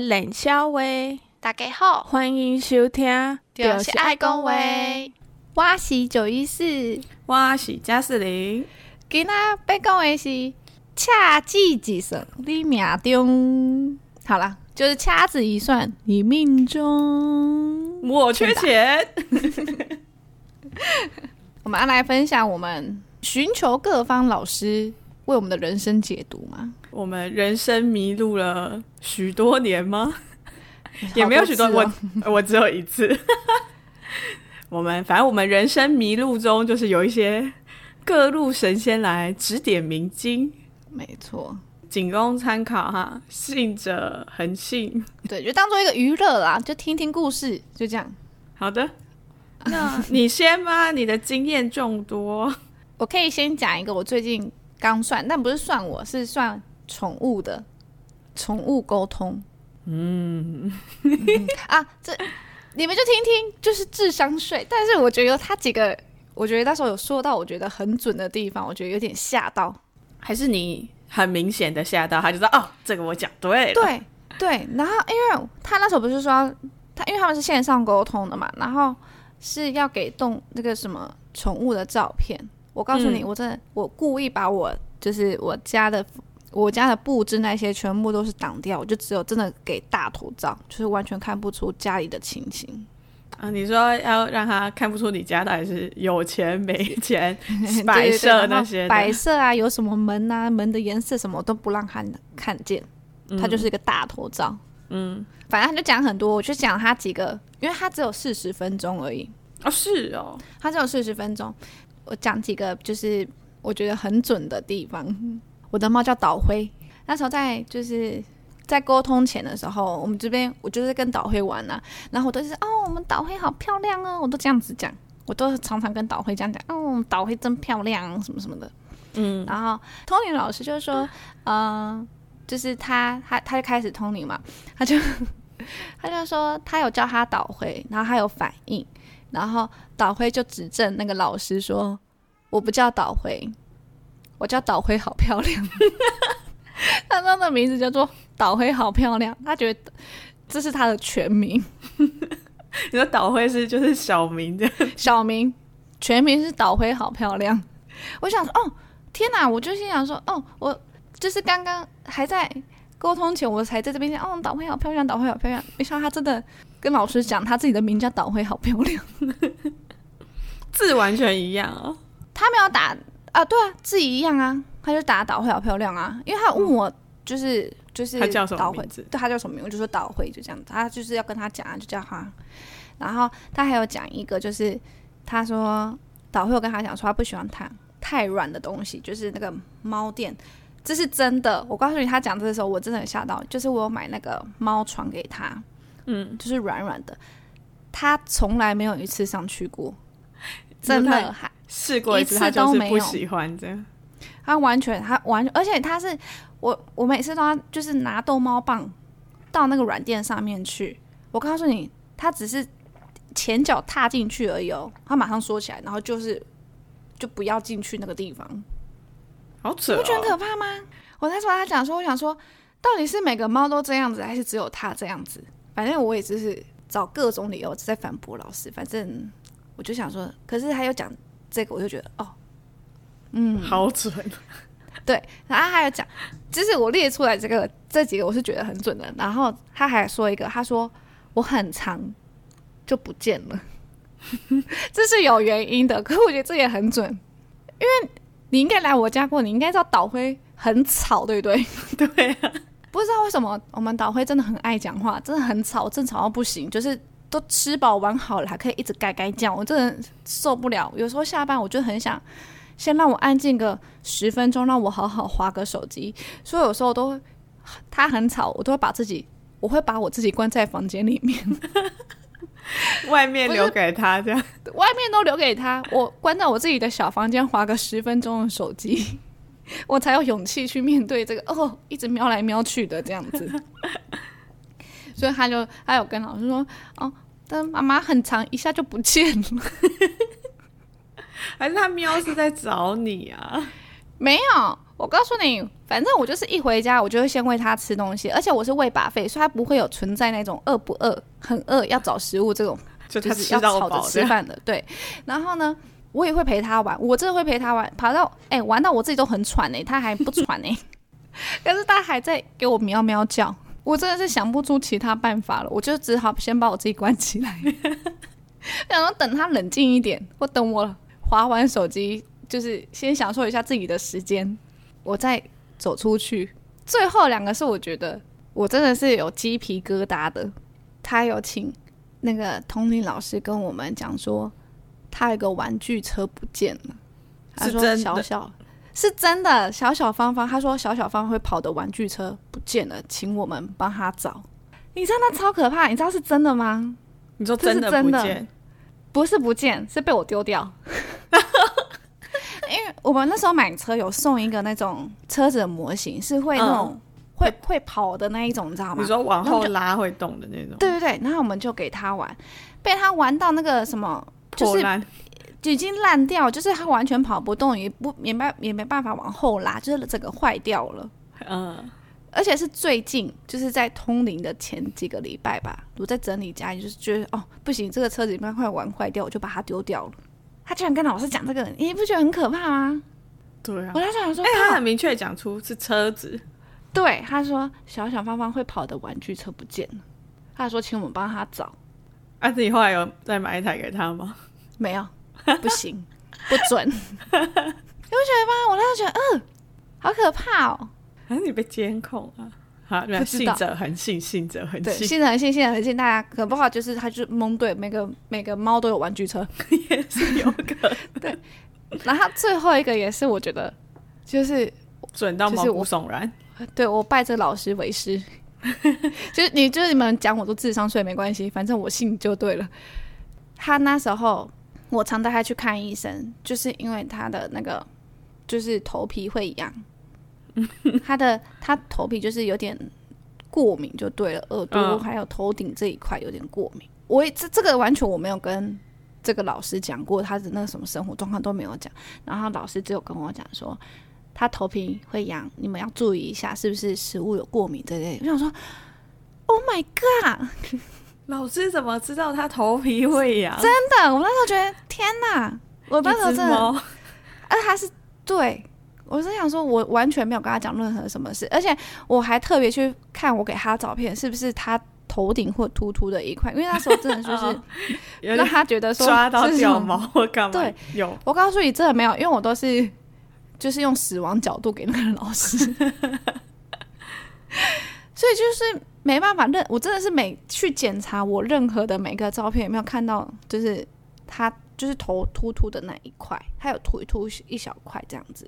冷小薇，大家好，歡迎收聽。就是愛工委，我是九一四，我是加斯林。今天被公威是掐指、就是、一算，你命中好了，就是掐指一算，你命中我缺錢。我缺錢 我們要來分享，我們尋求各方老師為我們的人生解讀嘛？我們人生迷路了許多年嗎？也沒有許多年，我我只有一次。 我們反正我們人生迷路中，就是有一些各路神仙來指點迷津。沒錯，僅供參考哈，信者恆信。對，就當做一個娛樂啦，就聽聽故事，就這樣。好的，那 你先吧，你的經驗眾多，我可以先講一個我最近剛算，但不是算，我是算。寵物的，寵物溝通，嗯， 嗯啊，這你們就聽聽，就是智商稅。但是我覺得他幾個，我覺得那時候有說到，我覺得很準的地方，我覺得有點嚇到，還是你很明顯的嚇到他，他就說：“哦，這個我講對對對，然後因為他那時候不是說他因為他們是線上溝通的嘛，然後是要給動那個什麼寵物的照片。我告訴你，嗯、我真的，我故意把我就是我家的。我家的布置那些全部都是擋掉，我就只有真的給大頭照，就是完全看不出家裡的情形啊。你說要讓他看不出你家到底是有錢沒錢，擺設那些擺設啊，有什麼門啊，門的顏色什麼都不讓他看見，他就是一個大頭照。嗯，反正他就講很多，我就講他幾個，因為他只有四十分鐘而已啊。是哦，他只有四十分鐘，我講幾個就是我覺得很準的地方。我的貓叫導灰，那時候在就是在溝通前的時候，我們這邊我就是在跟導灰玩呢、啊，然後我都是哦，我們導灰好漂亮哦、啊，我都這樣子講，我都常常跟導灰這樣講，哦、嗯，導灰真漂亮什麼什麼的，嗯，然後 Tony 老師就是說，嗯、呃，就是他他他就開始通靈嘛，他就他就說他有叫他導灰，然後他有反應，然後導灰就指正那個老師說，我不叫導灰。我叫導灰，好漂亮。 他說的名字叫做導灰，好漂亮。他覺得這是他的全名。 你說導灰是，是就是小名的，小名全名是導灰，好漂亮。我想說，哦，天哪，啊！我就心想說，哦，我就是剛剛還在溝通前，我才在這邊想，哦，導灰好漂亮，導灰好漂亮。沒想到他真的跟老師講，他自己的名字叫導灰，好漂亮。 字完全一樣哦，他沒有打。啊，對啊，自己一樣啊，他就打導會好漂亮啊，因為他問我就是、嗯、就是他叫什麼名字對？他叫什麼名字？我就說導會，就這樣子，他就是要跟他講、啊，就叫他。然後他還有講一個，就是他說導會，我跟他講說，他不喜歡太太軟的東西，就是那個貓墊，這是真的。我告訴你，他講這個的時候，我真的很嚇到，就是我有買那個貓床給他，嗯，就是軟軟的，他從來沒有一次上去過，真的還。試過一次，他是一次都沒有，不喜歡這樣他完全，他完全，而且他是我，我每次都要就是拿逗貓棒到那個軟墊上面去。我告訴你，他只是前腳踏進去而已哦，他馬上縮起來，然後就是就不要進去那個地方。好扯哦，不覺得可怕嗎？我那時候他講說，我想說，到底是每個貓都這樣子，還是只有他這樣子？反正我也只是找各種理由只在反駁老師。反正我就想說，可是他又講。這個我就覺得哦，嗯，好準。 對，然後還有講，其實我列出來這個這幾個，我是覺得很準的。然後他還說一個，他說我很長就不見了， 這是有原因的。可我覺得這也很準，因為你應該來我家過，你應該知道島輝很吵，對不對？ 對、啊， 不知道為什麼我們島輝真的很愛講話，真的很吵，真的吵到不行，就是。都吃飽玩好了，還可以一直改改講，我真的受不了。有時候下班，我就很想先讓我安靜個十分鐘，讓我好好滑個手機。所以有時候我都他很吵，我都會把自己，我會把我自己關在房間裡面， 外面留給他這樣。外面都留給他，我關在我自己的小房間滑個十分鐘的手機，我才有勇氣去面對這個哦，一直瞄來瞄去的這樣子。 所以他就，他有跟老師說，哦，但媽媽很長，一下就不見了。 還是他喵是在找你啊？ 沒有，我告訴你，反正我就是一回家，我就會先餵他吃東西，而且我是餵 buffet，所以他不會有存在那種餓不餓、很餓要找食物這種，就,他只知道就是要吵着吃飯的。對，然後呢，我也會陪他玩，我真的會陪他玩，爬到，哎、欸，玩到我自己都很喘嘞、欸，他還不喘嘞、欸， 但是他還在給我喵喵叫。我真的是想不出其他辦法了，我就只好先把我自己關起來，然 後等他冷靜一點，或等我划完手機，就是先享受一下自己的時間，我再走出去。最後兩個是我覺得我真的是有雞皮疙瘩的。他有請那個 n 林老師跟我們講說，他有個玩具車不見了，他說小小是真的，是真的小小方方，他說小小方會跑的玩具車。不見了，請我們幫他找。你知道那超可怕，你知道是真的嗎？你說這是真的，不是不見，是被我丟掉。 因為我們那時候買車有送一個那種車子的模型，是會那種、嗯、會會，會跑的那一種，你知道嗎？你說往後拉會動的那種。對對對，然後我們就給他玩，被他玩到那個什麼破爛，就是已經爛掉，就是他完全跑不動不，也不也沒也沒辦法往後拉，就是整個壞掉了。嗯。而且是最近，就是在通靈的前幾個禮拜吧，我在整理家，你就是覺得哦，不行，這個車子應該快玩壞掉，我就把它丟掉了。他居然跟老師講這個，人、欸，你不覺得很可怕嗎？對啊，我那時候想說，哎、欸，他很明確講出是車子。對，他說小小方方會跑的玩具車不見了。他還說請我們幫他找。阿、啊、子，你後來有再買一台給他嗎？沒有，不行， 不准。你不 覺得嗎？我那時候覺得，嗯、呃，好可怕哦。還、啊、是你被監控啊？好，信者恆信，信者恆信，信、信，信者恆信，信者恆信。大家可不好，就是他就蒙對，每個每個貓都有玩具車， 也是有可能。 對，然後最後一個也是我覺得就是準到毛骨悚然。就是、我對我拜這老師為師， 就是你就是你們講我都智商稅沒關係，反正我信就對了。他那時候我常帶他去看醫生，就是因為他的那個就是頭皮會癢。 他的他頭皮就是有點過敏，就對了，耳朵、嗯、還有頭頂這一塊有點過敏。我也這這個完全我沒有跟這個老師講過，他的那個什麼生活狀況都沒有講。然後老師只有跟我講說，他頭皮會癢，你們要注意一下是不是食物有過敏之類。我想說，Oh my God，老師怎麼知道他頭皮會癢？ 真的，我那時候覺得天哪，我那時候真的， 而他是對我是想說，我完全沒有跟他講任何什麼事，嗯、而且我還特別去看我給他照片是不是他頭頂會禿禿的一塊，因為那時候真的就是讓 他覺得說是抓到掉毛或幹嘛。對，有我告訴你，真的沒有，因為我都是就是用死亡角度給那個老師， 所以就是沒辦法認，我真的是每去檢查我任何的每個照片有沒有看到，就是他就是頭禿禿的那一塊，他有禿禿一,一小塊這樣子。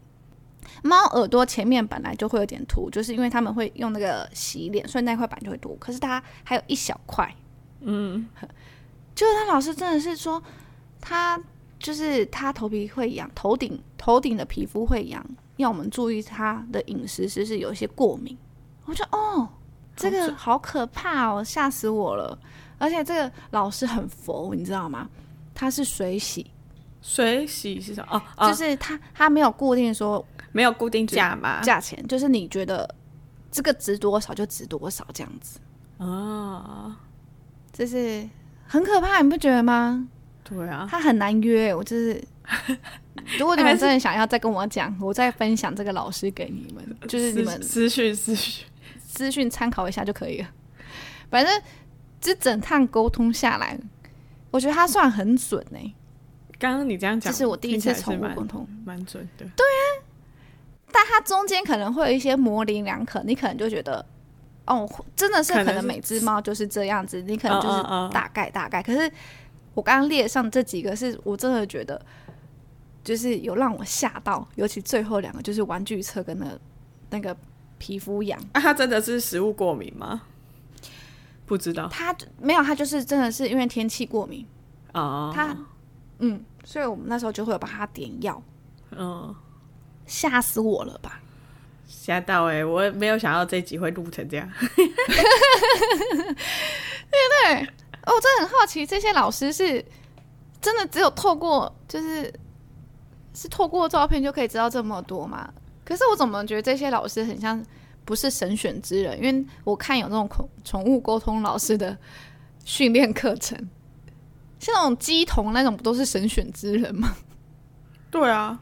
貓耳朵前面本來就會有點禿，就是因為他們會用那個洗臉，所以那塊板就會禿。可是它還有一小塊，嗯，就是他老師真的是說，他就是他頭皮會癢，頭頂頭頂的皮膚會癢，要我們注意他的飲食，是不是有一些過敏？我說哦，這個好可怕哦，嚇死我了、嗯！而且這個老師很佛，你知道嗎？他是水洗，水洗是啥？哦、啊，就是他他沒有固定說。沒有固定價嘛？價錢就是你覺得這個值多少就值多少這樣子啊、哦，這是很可怕，你不覺得嗎？對啊，他很難約、欸。我就是 如果你們真的想要再跟我講，我再分享這個老師給你們，就是你們資訊資訊資訊參考一下就可以了。 反正這整趟溝通下來，我覺得他算很準哎、欸。剛剛你這樣講，這是我第一次從我溝通蠻準的，對啊。但它中間可能會有一些模稜兩可，你可能就覺得，哦，真的是可能每隻貓就是這樣子，你可能就是大概大概。Uh, uh, uh. 可是我剛剛列上這幾個，是我真的覺得，就是有讓我嚇到，尤其最後兩個就是玩具車跟那個、那個皮膚癢。啊，它真的是食物過敏嗎？不知道，它沒有，它就是真的是因為天氣過敏啊。Uh. 它嗯，所以我們那時候就會有幫他點藥，嗯、uh.。嚇死我了吧！嚇到哎、欸，我沒有想到這集會錄成這樣。 對，對對，我真的很好奇，這些老師是真的只有透過就是是透過照片就可以知道這麼多嗎？可是我怎麼覺得這些老師很像不是神選之人？因為我看有那種寵寵物溝通老師的訓練課程，像那種乩童那種不都是神選之人嗎？對啊。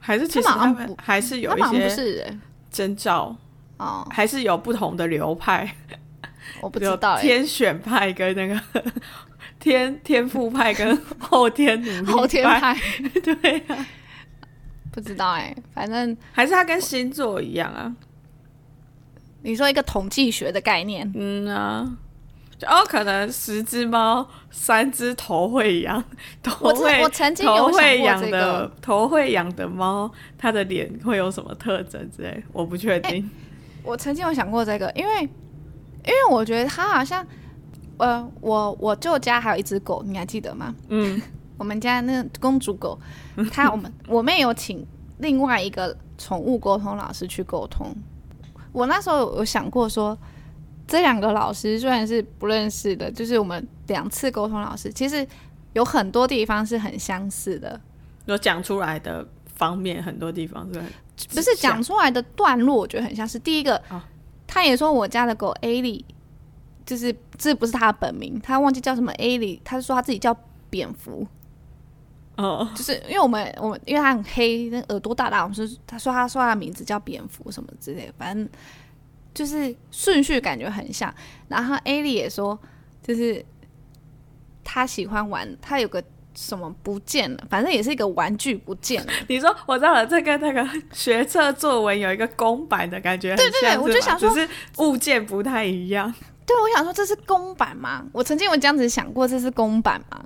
還是其實還是有一些徵兆哦、欸，還是有不同的流派，我不知道天選派跟那個、欸、天天賦派跟後天努 後天派 對、啊，不知道哎、欸，反正還是它跟星座一樣啊。你說一個統計學的概念，嗯啊。後、哦、可能十隻貓，三只頭會養，頭會我的我曾經有、這個、頭會養的頭會養的貓，它的臉會有什麼特徵之類，我不確定、欸。我曾經有想過這個，因為因為我覺得它好像，呃，我我舅家還有一只狗，你還記得嗎？嗯， 我們家的那公主狗，它我們 我妹有請另外一個寵物溝通老師去溝通，我那時候有想過說。這兩個老師雖然是不認識的，就是我們兩次溝通老師，其實有很多地方是很相似的。有講出來的方面，很多地方是不是？不是講出來的段落，我覺得很像是第一個。哦。他也說我家的狗 Ali，就是這不是他的本名，他忘記叫什麼 Ali，他是說他自己叫蝙蝠。哦。就是因為我們，我們因為他很黑，那耳朵大大，我們說他說他說他的名字叫蝙蝠什麼之類的，反正。就是順序感覺很像，然後艾莉也說，就是他喜歡玩，他有個什麼不見了，反正也是一個玩具不見了。你說我知道了這個那個學測作文有一個公版的感覺，對對對，我就想說，只是物件不太一樣。對我想說這是公版嗎？我曾經有這樣子想過，這是公版嗎？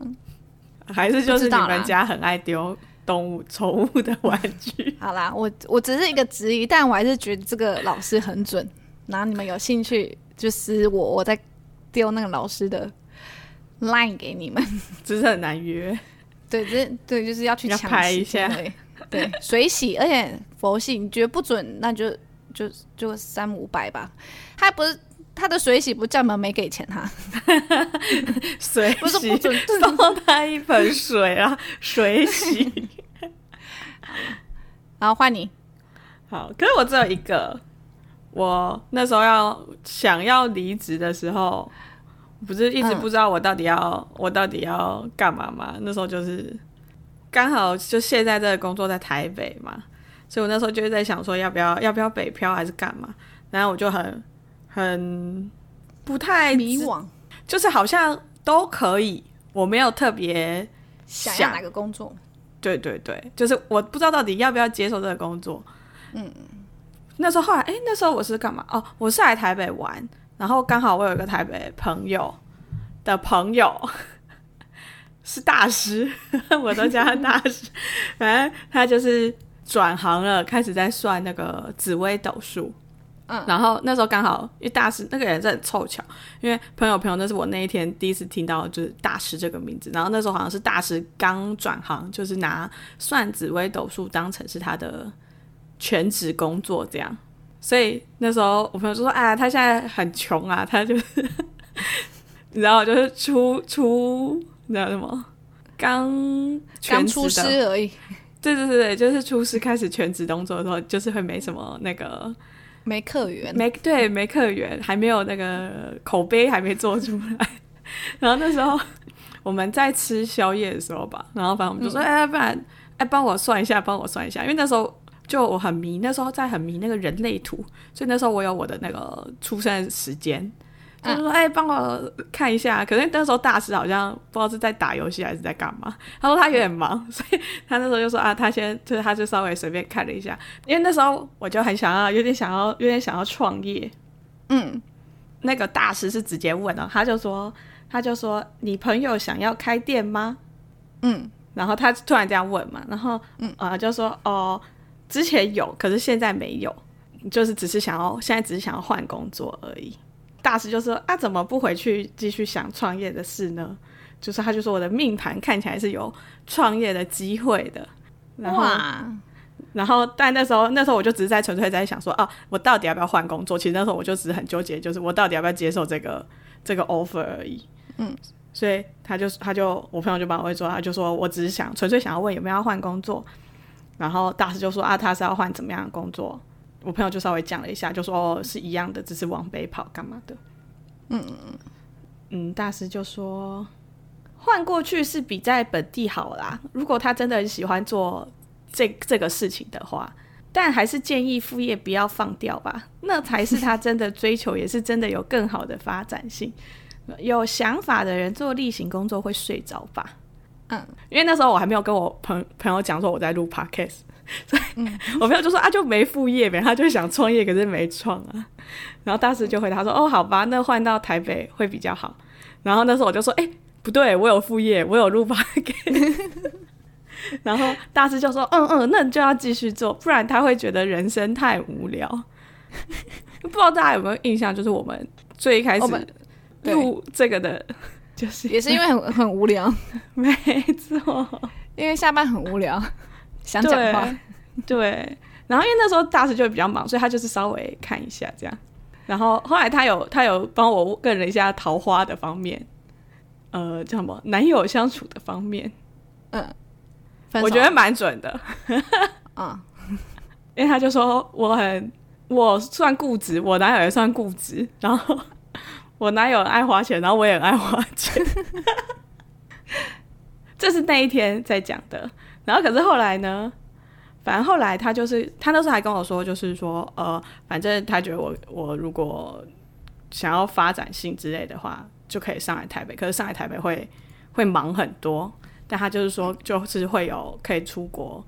還是就是你們家很愛丟動物寵物的玩具？ 好啦，我我只是一個質疑，但我還是覺得這個老師很準。然後你們有興趣，就私我，我再丟那個老師的 line 給你們，只是很難約，對，只是對，就是要去搶拍一下，對水洗，而且佛系，你覺得不準，那就就就三五百吧，他不是他的水洗不叫嗎？沒給錢他、啊， 水洗不是不準，送他一盆水啊， 水洗，好，換你，好，可是我只有一個。我那時候要想要離職的時候，不是一直不知道我到底要、嗯、我到底要幹嘛嘛。那時候就是剛好就現在這個工作在台北嘛，所以我那時候就是在想說要不要要不要北漂還是幹嘛？然後我就很很不太迷惘，就是好像都可以，我沒有特別想、想要哪個工作。對對對，就是我不知道到底要不要接受這個工作。嗯。那時候後來，哎、欸，那時候我是幹嘛？哦，我是來台北玩，然後剛好我有一個台北朋友的朋友是大師， 我都叫他大師。哎， 他就是轉行了，開始在算那個紫微斗數。嗯，然後那時候剛好，因為大師那個人也很湊巧，因為朋友朋友，那是我那一天第一次聽到就是大師這個名字。然後那時候好像是大師剛轉行，就是拿算紫微斗數當成是他的全職工作這樣，所以那時候我朋友就說：“啊，他現在很窮啊，他就是，然 後就是出出，你知道什麼？剛剛出師而已。”對對對對，就是出師開始全職工作的時候，就是會沒什麼那個沒客源，沒對，沒客源，還沒有那個口碑還沒做出來。 然後那時候我們在吃宵夜的時候吧，然後反正我們就說：“嗯、哎，不然哎，幫我算一下，幫我算一下。”因為那時候。就我很迷那時候在很迷那個人類圖，所以那時候我有我的那個出生時間，他、嗯、就說：“哎、欸，幫我看一下。”可是那時候大師好像不知道是在打遊戲還是在幹嘛，他說他有點忙、嗯，所以他那時候就說：“啊，他先就他就稍微隨便看了一下。”因為那時候我就很想要，有點想要，有點想要創業。嗯，那個大師是直接問了，他就說，他就說：“你朋友想要開店嗎？”嗯，然後他突然這樣問嘛，然後嗯啊、呃、就說：“哦。”之前有，可是現在沒有，就是只是想要，現在只是想要換工作而已。大師就說：“啊，怎麼不回去繼續想創業的事呢？”就是他就說：“我的命盤看起來是有創業的機會的。”然後，哇。然後但那時候，那時候我就只是在純粹在想說：“啊，我到底要不要換工作？”其實那時候我就只是很糾結，就是我到底要不要接受這個這個 offer 而已。嗯，所以他就他就我朋友就幫我會說，他就說我只是想純粹想要問有沒有要換工作。然後大師就說：“啊，他是要換怎麼樣的工作？”我朋友就稍微講了一下，就說：“哦，是一樣的，只是往北跑幹嘛的。”嗯嗯嗯。嗯，大師就說：“換過去是比在本地好啦。如果他真的很喜歡做這這個事情的話，但還是建議副業不要放掉吧。那才是他真的追求，也是真的有更好的發展性。 有想法的人做例行工作會睡着吧。”因為那時候我還沒有跟我朋朋友講說我在錄 podcast，所以我朋友就說啊，就沒副業唄，他就想創業，可是沒創啊。然後大師就回答他說：“哦，好吧，那換到台北會比較好。”然後那時候我就說：“哎、欸，不對，我有副業，我有錄 podcast。 ”然後大師就說：“嗯嗯，那你就要繼續做，不然他會覺得人生太無聊。”不知道大家有沒有印象，就是我們最一開始錄這個的。就是也是因為很很無聊，沒錯，因為下班很無聊， 想講話，對，對。然後因為那時候大師就會比較忙，所以他就是稍微看一下這樣。然後後來他有他有幫我問了一下桃花的方面，呃，叫什麼？男友相處的方面，嗯，我覺得蠻準的，啊， 哦，因為他就說我很我算固執，我男友也算固執，然後。我哪有愛花錢，然後我也很愛花錢， 這是那一天在講的。然後可是後來呢，反正後來他就是，他那時候還跟我說，就是說，呃，反正他覺得我我如果想要發展性之類的話，就可以上來台北。可是上來台北會會忙很多，但他就是說，就是會有可以出國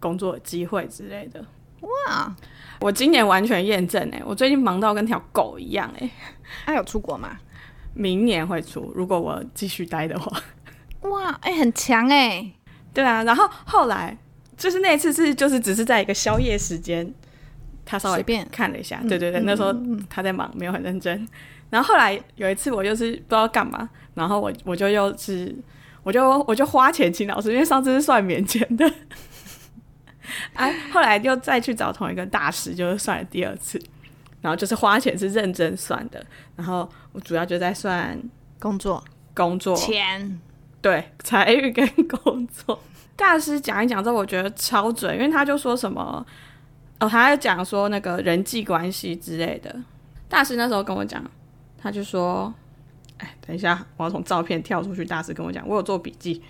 工作機會之類的。哇、wow.！我今年完全驗證哎、欸，我最近忙到跟條狗一樣哎、欸。他、啊、有出國嗎？明年會出，如果我繼續待的話。哇，哎、欸，很強哎、欸。對啊，然後後來就是那一次是就是只是在一個宵夜時間，他稍微看了一下，對對對嗯嗯，那時候他在忙，沒有很認真。然後後來有一次我就是不知道幹嘛，然後我我就又是我就我就花錢請老師，因為上次是算免錢的。哎、啊，後來又再去找同一個大師，就算了第二次。然後就是花錢是認真算的。然後我主要就在算工作、工作、錢，對，財運跟工作。大師講一講之後，我覺得超準，因為他就說什麼哦，他還講說那個人際關係之類的。大師那時候跟我講，他就說：“哎、欸，等一下，我要從照片跳出去。”大師跟我講，我有做筆記。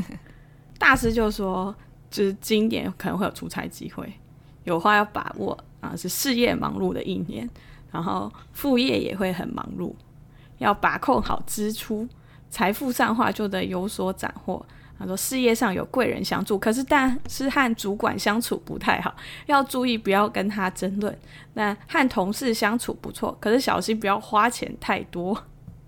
大師就說。就是今年可能會有出差機會，有話要把握啊，是事業忙碌的一年，然後副業也會很忙碌，要把控好支出。財富上話就得有所斬獲。他說事業上有貴人相助，可是但是和主管相處不太好，要注意不要跟他爭論。那和同事相處不錯，可是小心不要花錢太多。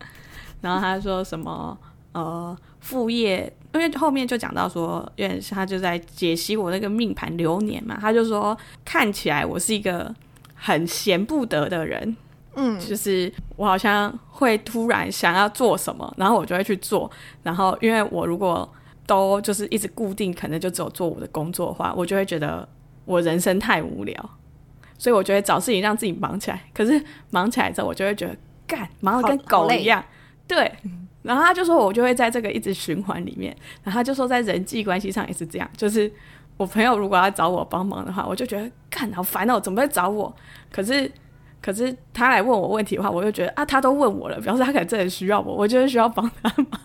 然後他說什麼呃副業，因為後面就講到說，因為他就在解析我那個命盤流年嘛，他就說看起來我是一個很閒不得的人，嗯，就是我好像會突然想要做什麼，然後我就會去做，然後因為我如果都就是一直固定，可能就只有做我的工作的話，我就會覺得我人生太無聊，所以我覺得找事情讓自己忙起來。可是忙起來之後，我就會覺得幹忙得跟狗一樣，對。然後他就說，我就會在這個一直循環裡面。然後他就說，在人際關係上也是這樣，就是我朋友如果要找我幫忙的話，我就覺得看，好煩哦，怎麼會找我？可是，可是他來問我問題的話，我就覺得啊，他都問我了，表示他可能真的需要我，我就是需要幫他忙，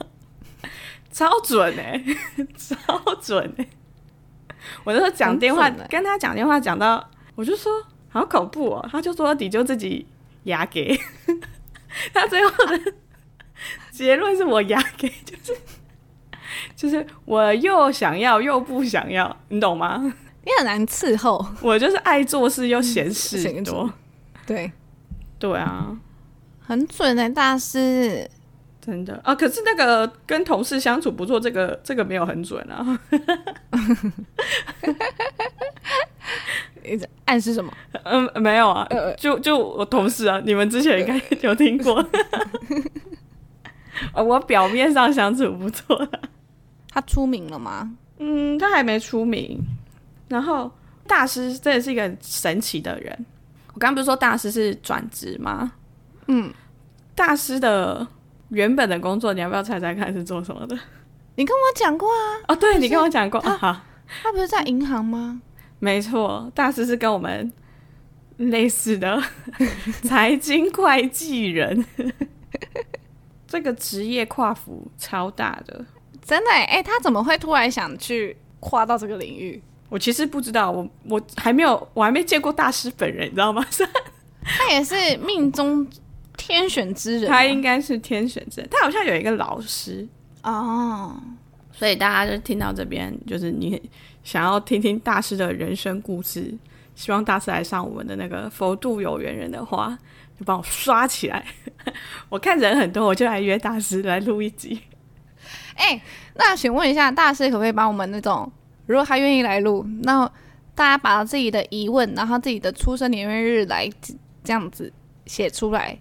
超準哎、欸，超準哎、欸！我那時候講電話，跟他講電話講到，我就說好恐怖哦，他就說抵就自己牙給，他最後的、啊。結論是我壓給，就是就是我又想要又不想要，你懂嗎？你很難伺候，我就是愛做事又嫌事多。 對，對啊，很準呢、欸。大師，真的啊。可是那個跟同事相處不錯，這個這個沒有很準啊。你在 暗示什麼？嗯、呃，沒有啊，就就我同事啊，你們之前應該有聽過。 我表面上相處不錯。他出名了嗎？嗯，他還沒出名。然後大師這也是一個神奇的人。我剛剛不是說大師是轉職嗎？嗯，大師的原本的工作，你要不要猜猜看是做什麼的？你跟我講過啊。哦，對你跟我講過啊。啊，好。他不是在銀行嗎？沒錯，大師是跟我們類似的財經會計人。 這個職業跨幅超大的，真的哎、欸，他怎麼會突然想去跨到這個領域？我其實不知道，我我還沒有，我還沒見過大師本人，你知道嗎？ 他也是命中天選之人、啊，他應該是天選之人。他好像有一個老師哦，oh, 所以大家就聽到這邊，就是你想要聽聽大師的人生故事，希望大師來上我們的那個佛度有緣人的話。就把我刷起來， 我看人很多，我就來約大師來錄一集。哎、欸，那請問一下，大師可不可以幫我們那種，如果他願意來錄，那大家把自己的疑問，然後自己的出生年月日來這樣子寫出來，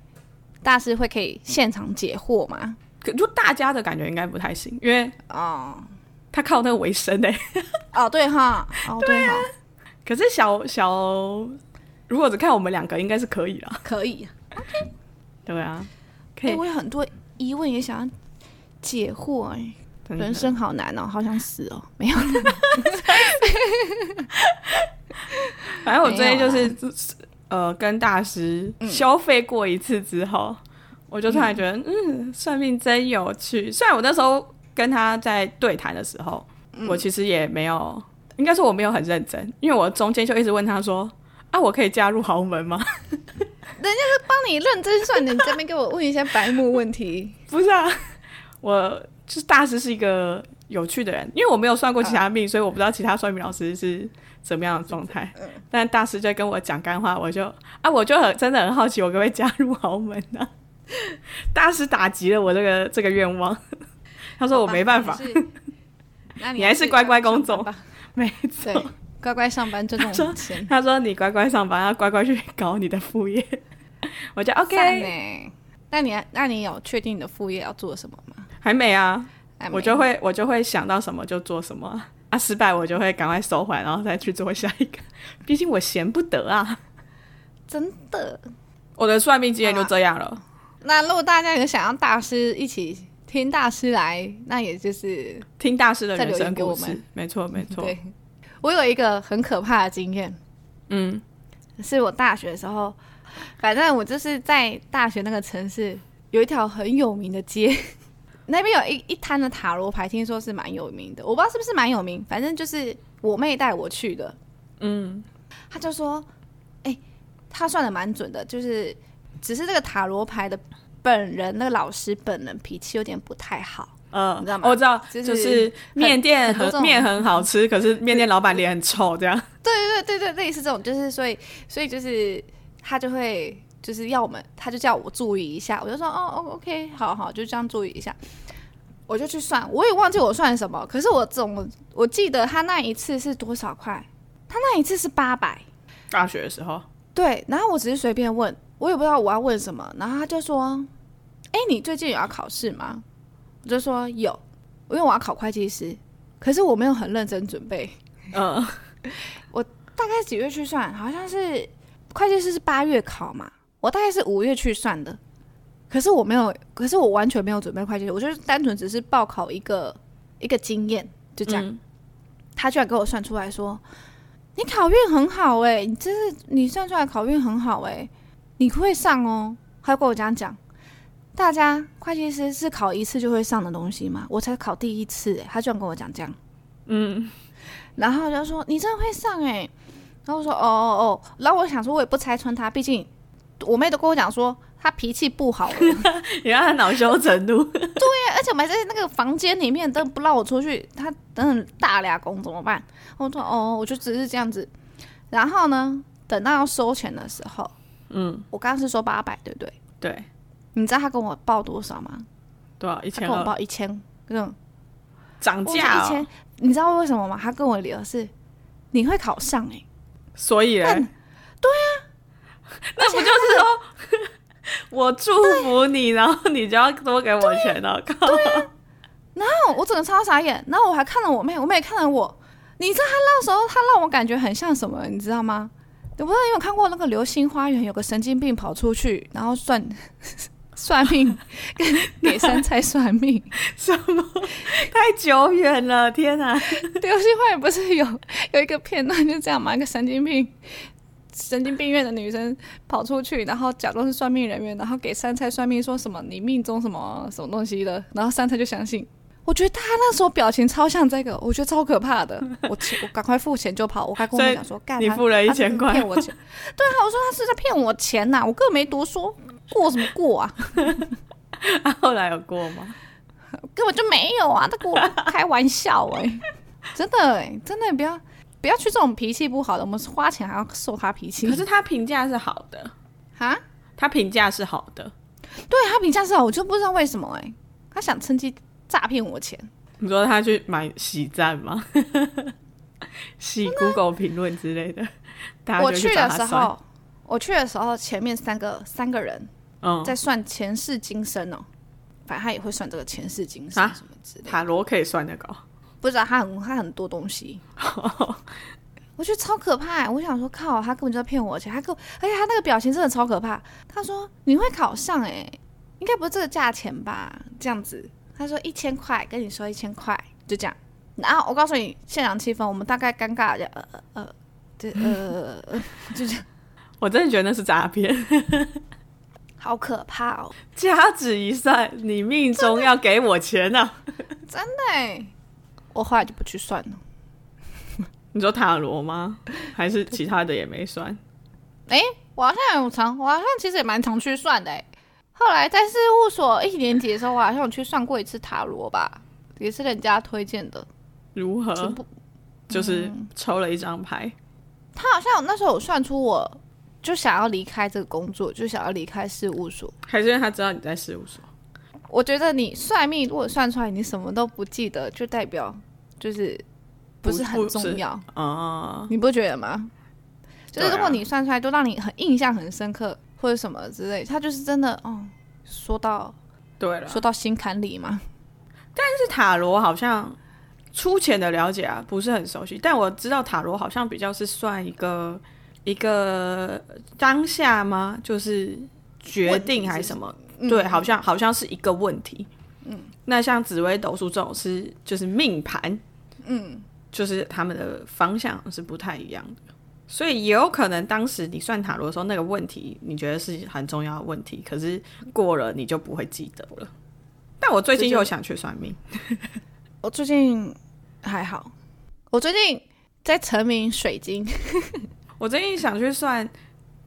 大師會可以現場解惑嗎？嗯、可就大家的感覺應該不太行，因為啊，他靠那個為生的，欸、 哦對哈、哦對哈 啊。可是小小。如果只看我們兩個，應該是可以了。可以、okay. 對啊，可以。我有很多疑問也想要解惑。哎、欸。人生好難哦、喔，好想死哦、喔。沒有。 反正我最近就是呃，跟大師消費過一次之後，嗯、我就突然覺得嗯，嗯，算命真有趣。雖然我那時候跟他在對談的時候、嗯，我其實也沒有，應該說我沒有很認真，因為我中間就一直問他說。啊！我可以加入豪門嗎？ 人家是幫你認真算的，你這邊給我問一些白目問題。 不是啊，我就是大師是一個有趣的人，因為我沒有算過其他命，啊、所以我不知道其他算命老師是怎麼樣的狀態、啊。但大師就跟我講幹話，我就啊，我就很真的很好奇，我可不可以加入豪門呢、啊？大師打擊了我這個這個願望， 他說我沒辦法， 你，要 你還是乖乖，乖工作吧。 沒錯。乖乖上班這種，他說：“他說你乖乖上班，要乖乖去搞你的副業。 ”我就 OK。欸、那你，你那，你有確定你的副業要做什麼嗎？還沒啊，沒啊我就會我就會想到什麼就做什麼啊，啊失敗我就會趕快收回來，然後再去做下一個。 畢竟我閒不得啊，真的。我的算命經驗就這樣了。那，那如果大家也想要大師一起聽大師來，那也就是聽大師的人生故事我們。沒錯，沒錯。嗯我有一個很可怕的經驗，嗯，是我大學的時候，反正我就是在大學那個城市，有一條很有名的街，那邊有一一攤的塔羅牌，聽說是蠻有名的，我不知道是不是蠻有名，反正就是我妹帶我去的，嗯，他就說，哎、欸，他算得蠻準的，就是只是這個塔羅牌的本人那個老師本人脾氣有點不太好。嗯，你知道嗎？我知道，就是麵、就是、店和，麵很好吃，可是麵店老闆臉很臭，這樣。對對對對對，類似這種，就是所以所以就是他就會就是要我們，他就叫我注意一下，我就說哦，哦，OK、okay，好好，就這樣注意一下。我就去算，我也忘記我算什麼，可是我總我，我記得他那一次是多少塊？他那一次是八百。大學的時候。對，然後我只是隨便問，我也不知道我要問什麼，然後他就說：“哎、欸，你最近有要考試嗎？”我就說有，因為我要考會計師，可是我沒有很認真準備。嗯、uh. 我大概幾月去算？好像是會計師是八月考嘛，我大概是五月去算的。可是我沒有，可是我完全沒有準備會計師，我就是單純只是報考一個一個經驗，就這樣、嗯。他居然給我算出來說：“你考運很好哎、欸，你真是你算出來考運很好哎、欸，你會上哦。”他跟我這樣講。大家會計師是考一次就會上的東西嘛，我才考第一次，欸，他居然跟我講這樣，嗯，然後就說你真的會上哎，欸，然後我說哦哦哦，然後我想說我也不拆穿他，畢竟我妹都跟我講說他脾氣不好，讓 他惱羞成怒。 對呀，啊，而且埋在那個房間裡面都不讓我出去，他等等大倆工怎麼辦？我說哦，我就只是這樣子。然後呢，等到要收錢的時候，嗯，我剛剛是說八百，對不對？對。你知道他跟我報多少嗎？多少、啊？一千跟我報一千二，漲價、哦、一千，你知道為什麼嗎？他跟我理由是你會考上哎、欸，所以、欸、對啊，那不就是說 我祝福你，然後你就要多給我錢了，對,對、啊。然後我整個超傻眼，然後我還看了我妹，我妹看了我，你知道他那時候他讓我感覺很像什麼，你知道嗎？我不知道你有看過那個《流星花園》，有個神經病跑出去，然後算。 算命，跟 給杉菜算命， 什麼太久遠了，天哪、啊！流星花園不是有有一個片段就這樣嘛，一個神經病，神經病院的女生跑出去，然後假裝是算命人員，然後給杉菜算命，說什麼你命中什麼什麼東西的，然後杉菜就相信。我覺得他那時候表情超像這個，我覺得超可怕的。 我我趕快付錢就跑，我還跟我講說幹，你付了一千塊，騙我錢。 對啊，我說他是在騙我錢吶、啊，我更沒多說。過什麼過啊？他、 啊、後來有過嗎？根本就沒有啊！他跟我開玩笑哎、欸 欸，真的哎、欸，真的不要不要去這種脾氣不好的，我們花錢還要受他脾氣。可是他評價是好的啊，他評價是好的，對，他評價是好，我就不知道為什麼哎、欸，他想趁機詐騙我錢。你說他去買洗讚嗎？洗 Google 評論之類的，的、啊他。我去的時候，我去的時候，前面三個三個人。在算前世今生哦、喔，反正他也會算這個前世今生什麼之類的，塔羅可以算那個，不知道他很他很多東西。我覺得超可怕、欸，我想說靠、啊，他根本就在騙我錢，他可而且他那個表情真的超可怕。他說你會考上哎、欸，應該不是這個價錢吧？這樣子，他說一千塊，跟你說一千塊，就這樣。然後我告訴你現場氣氛，我們大概尷尬就呃呃就呃就呃，就這樣。 我真的覺得那是詐騙。好可怕哦！掐指一算，你命中要給我錢呢、啊。真的，真的、欸，我後來就不去算了。 你說塔羅嗎？還是其他的也沒算？哎、 欸，我好像有常，我好像其實也蠻常去算的、欸。哎，後來在事務所一年級的時候，我好像有去算過一次塔羅吧， 也是人家推薦的。如何？就是抽了一張牌、嗯。他好像有那時候有算出我。就想要離開這個工作，就想要離開事務所，還是因為他知道你在事務所？我覺得你算命，如果算出來你什麼都不記得，就代表就是不是很重要啊、哦？你不覺得嗎？就是如果你算出來都讓你很印象很深刻或者什麼之類，他就是真的哦、嗯。說到對了，說到心坎裡嘛。但是塔羅好像粗淺的了解啊，不是很熟悉。但我知道塔羅好像比較是算一個。一個當下嗎？就是決定還是什麼？對、嗯，好像好像是一個問題。嗯，那像紫微斗數這種是就是命盤，嗯，就是他們的方向是不太一樣的。所以也有可能當時你算塔羅的時候，那個問題你覺得是很重要的問題，可是過了你就不會記得了。但我最近又想去算命。我最近 還好，我最近在沉迷水晶。 我最近想去算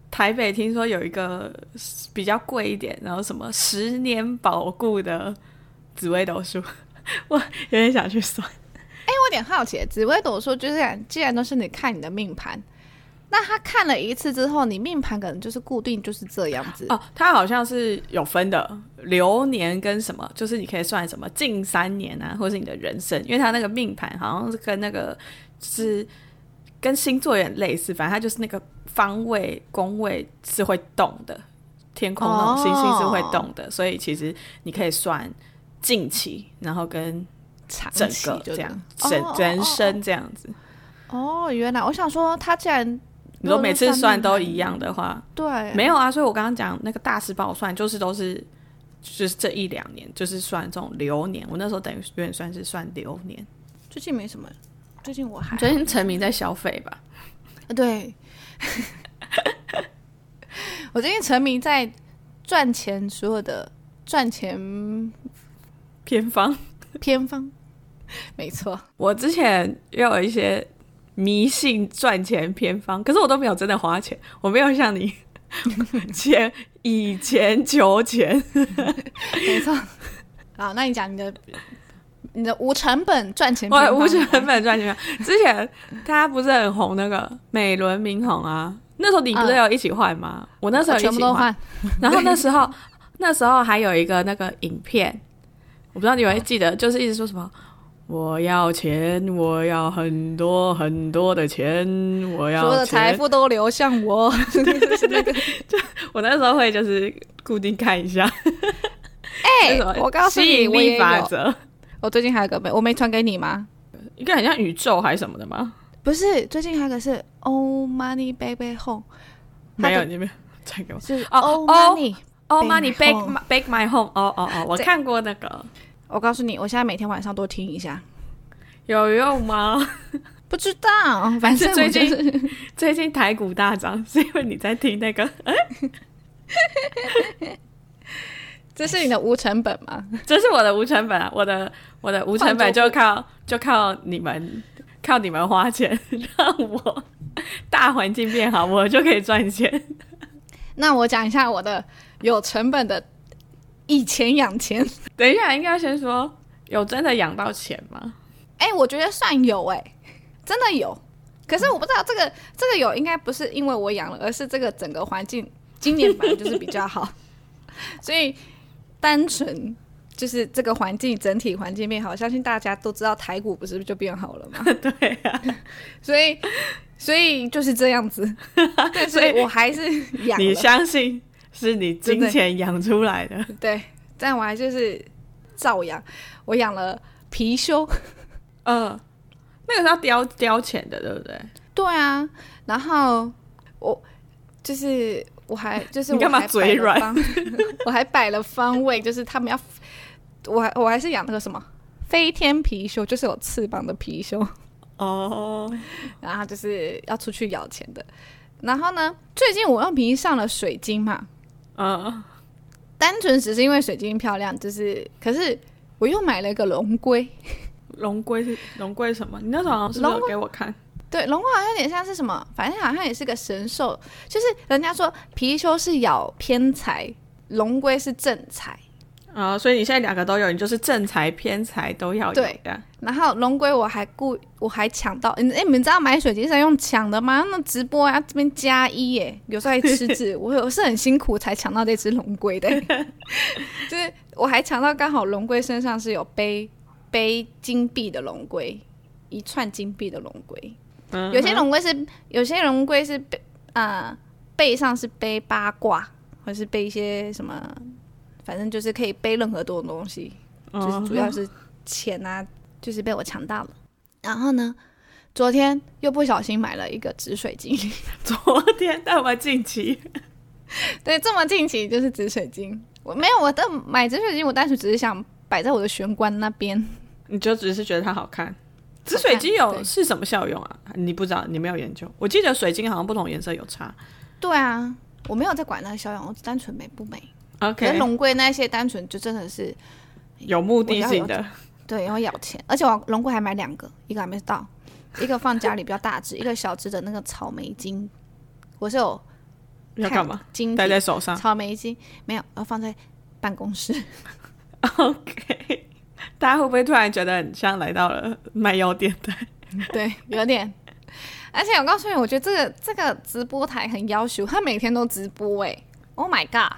台北，聽說有一個比較貴一點，然後什麼十年保固的紫微斗數，我有點想去算。哎、欸，我有點好奇，紫微斗數就是既然都是你看你的命盤，那他看了一次之後，你命盤可能就是固定就是這樣子哦？他好像是有分的，流年跟什麼，就是你可以算什麼近三年啊，或是你的人生，因為他那個命盤好像是跟那個、就是。跟星座有點類似，反正它就是那個方位、宮位是會動的，天空那種星星是會動的，oh. 所以其實你可以算近期，然後跟整個這樣，整人生這樣子。哦、oh, oh,，oh. oh, 原來我想說，他既然你說每次算都一樣的話，對，沒有啊。所以我剛剛講那個大師幫我算，就是都是就是這一兩年，就是算這種流年。我那時候等於有點算是算流年，最近沒什麼。最近我還最近沉迷在消費吧，啊，對， 我最近沉迷在賺錢，所有的賺錢偏方 偏方，沒錯。我之前也有一些迷信賺錢偏方，可是我都沒有真的花錢，我沒有像你錢以錢求錢 沒錯。好，那你講你的。你的無成本賺錢，我無成本賺錢。 之前他不是很紅那個美輪明宏啊？那時候你不是要一起換嗎、嗯？我那時候一起換。然後那時候， 那時候還有一個那個影片， 我不知道你有沒有記得，就是一直說什麼“嗯、我要錢，我要很多很多的錢，我要所有的財富都流向我。” 對對對對,對 就，我那時候會就是固定看一下。哎、欸， 我告訴你，吸引力法則。我、哦、最近還有一個沒，我沒傳給你嗎？一個很像宇宙還是什麼的嗎？不是，最近還有一個是《Oh Money Baby Home。》 還、oh, 有沒有？再給我是《Oh Money Bake、oh, Bake My, My, My Home》。哦哦哦，我看過那個。我告訴你，我現在每天晚上都聽一下， 有用嗎？ 不知道，反正 最近最近台股大漲，是因為你在聽那個？ 這是你的無成本嗎？這是我的無成本、啊，我的我的無成本就靠就靠，就靠你們，靠你們花錢讓我大環境變好，我就可以賺錢。那我講一下我的有成本的，以錢養錢。等一下應該要先說有真的養到錢嗎？欸，我覺得算有欸，真的有。可是我不知道這個這個有應該不是因為我養了，而是這個整個環境今年本來就是比較好， 所以。單純就是這個環境整體環境變好，相信大家都知道台股不是就變好了嗎？ 對啊 所以所以就是這樣子，所以我還是養。 你相信是你金錢養出來的？對，但我還就是照樣，我養了貔貅，嗯、 呃，那個是要叼叼錢的，對不對？對啊，然後我就是。我還就是我還擺了方，你幹嘛嘴軟？ 我還擺了方位，就是他們要，我還我還是養那個什麼飛天貔貅，就是有翅膀的貔貅哦，oh. 然後就是要出去咬錢的。然後呢，最近我用皮上了水晶嘛，嗯、oh. 單純只是因為水晶漂亮，就是可是我又買了一個龍龜， 龍龜是龍龜是什麼？你那張是不是給我看？對，龍龜好像有點像是什麼，反正好像也是個神獸。就是人家說貔貅是咬偏財，龍龜是正財啊、哦，所以你現在兩個都有，你就是正財偏財都要有的。對，然後龍龜我還故我還搶到，哎、欸欸，你們知道買水晶是用搶的嗎？那直播啊這邊加一，耶。有時候還吃字， 我有是很辛苦才搶到這隻龍龜的， 就是我還搶到剛好龍龜身上是有背背金幣的龍龜，一串金幣的龍龜。 有些龍龜是，有些龍龜是背，啊、呃，背上是背八卦，或是背一些什麼，反正就是可以背任何多種東西，哦，就是主要是錢啊，嗯、就是被我搶到了。然後呢，昨天又不小心買了一個紫水晶。昨天那麼近期？ 對，這麼近期就是紫水晶。我沒有，我的買紫水晶，我當時只是想擺在我的玄關那邊。你就只是覺得它好看？紫水晶有是什麼效用啊？你不知道？你沒有研究？我記得水晶好像不同顏色有差。對啊，我沒有在管那個效用，我只單純美不美。O K。龍龜那些單純就真的是有目的性的，我對，然後咬錢。 而且我龍龜還買兩個，一個還沒到，一個放家裡比較大只， 一個小只的那個草莓晶我是有金金你要幹嘛？金？戴在手上？草莓晶沒有，要放在辦公室。O K。大家會不會突然覺得很像來到了賣藥店？ 對，有點。而且我告訴你，我覺得這個這個直播台很優秀，他每天都直播哎、欸！Oh my god！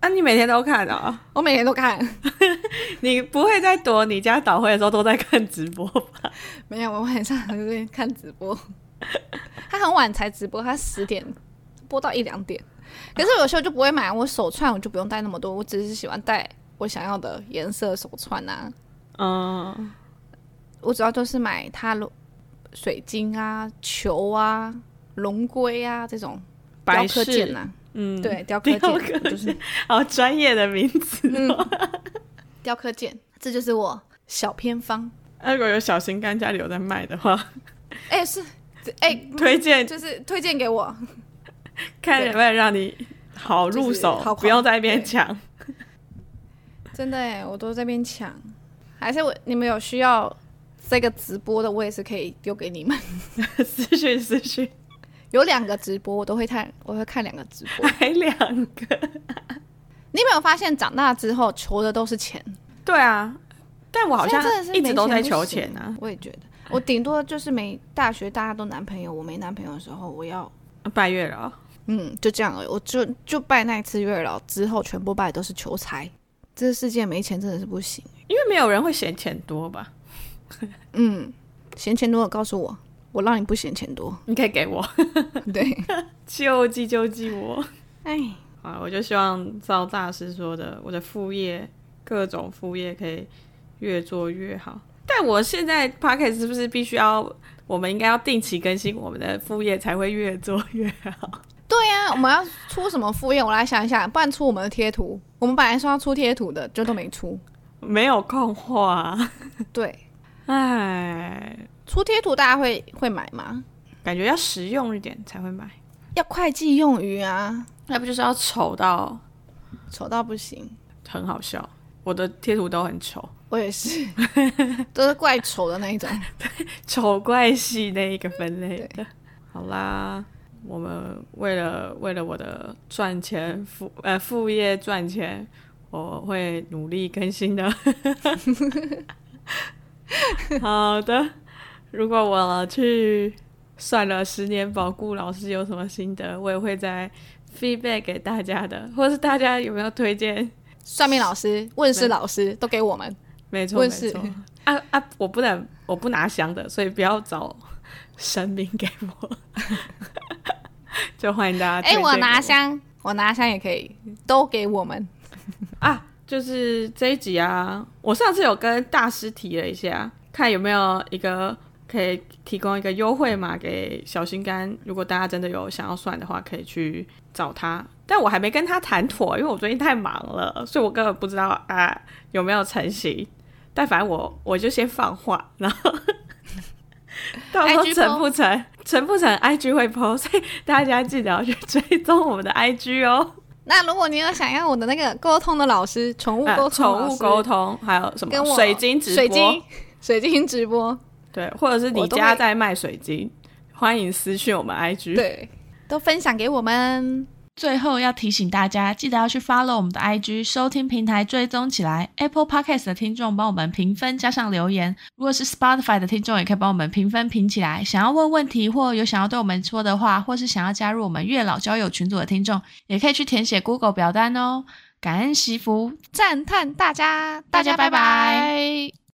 那、啊，你每天都看的哦？我每天都看。 你不會在躲你家倒會的時候都在看直播吧？沒有，我晚上就在看直播。他 很晚才直播，他十點播到一兩點。可是我有時候就不會買，我手串我就不用帶那麼多，我只是喜歡帶。我想要的顏色手串啊，嗯，我主要都是買它水晶啊、球啊、龍龜啊這種雕刻件啊，嗯，對，雕刻件雕刻就是哦，專業的名詞、嗯，雕刻件，這就是我小偏方。啊、如果有小心肝家裡有在賣的話，哎、欸，是哎、欸嗯，推薦、嗯、就是推薦給我，看有沒有讓你好入手，就是、好不用在那邊搶真的耶，我都在這邊搶，還是我，你們有需要這個直播的我也是可以丟給你們， 私信私信。有兩個直播我都會看，我會看兩個直播，還兩個。 你有沒有發現長大之後求的都是錢？對啊，但我好像一直都在求錢啊。我也覺得，我頂多就是沒大學大家都男朋友，我沒男朋友的時候我要拜月老。嗯，就這樣而已，我就，就拜那一次月老之後，之後全部拜都是求財。這世界沒錢真的是不行，因為沒有人會嫌錢多吧？ 嗯，嫌錢多的告訴我，我讓你不嫌錢多。你可以給我， 對，救濟救濟我。哎，啊，我就希望照大師說的，我的副業，各種副業可以越做越好。但我現在 podcast 是不是必須要？我們應該要定期更新我們的副業，才會越做越好。對呀、啊，我們要出什麼副業？我來想一下，不然出我們的貼圖。我們本來說要出貼圖的，就都沒出，沒有空話、啊。對，哎，出貼圖大家會會買嗎？感覺要實用一點才會買，要會計用於啊，那不就是要醜到醜到不行，很好笑。我的貼圖都很醜，我也是， 都是怪醜的那一種， 醜怪系那一個分類的，好啦。我們為了為了我的賺錢副呃副業賺錢，我會努力更新的。 好的，如果我去算了十年保固老師有什麼心得，我也會再 feedback 給大家的。或是大家有沒有推薦算命老師、問事老師都給我們？沒錯問事，沒錯啊啊！我不能我不拿香的，所以不要找神明給我。 就歡迎大家對對。哎、欸，我拿箱，我拿箱也可以，都給我們 啊！就是這一集啊，我上次有跟大師提了一下，看有沒有一個可以提供一個優惠碼給小心肝。如果大家真的有想要算的話，可以去找他，但我還沒跟他談妥，因為我最近太忙了，所以我根本不知道啊有沒有成型。但反正我我就先放話，然後。 到時候成不成， 成不成，IG 會 po，所以大家記得要去追蹤我們的 IG 哦。那如果你有想要我的那個溝通的老師，寵物溝通、啊、通，寵物溝通還有什麼？跟我水晶直播水晶，水晶直播，對，或者是你家在賣水晶，歡迎私訊我們 IG，對，都分享給我們。最後要提醒大家，記得要去 follow 我們的 IG 收聽平台追蹤起來。Apple Podcast 的聽眾幫我們評分加上留言，如果是 Spotify 的聽眾，也可以幫我們評分評起來。想要問問題或有想要對我們說的話，或是想要加入我們月老交友群組的聽眾，也可以去填寫 Google 表單哦。感恩惜福，讚嘆大家，大家拜拜。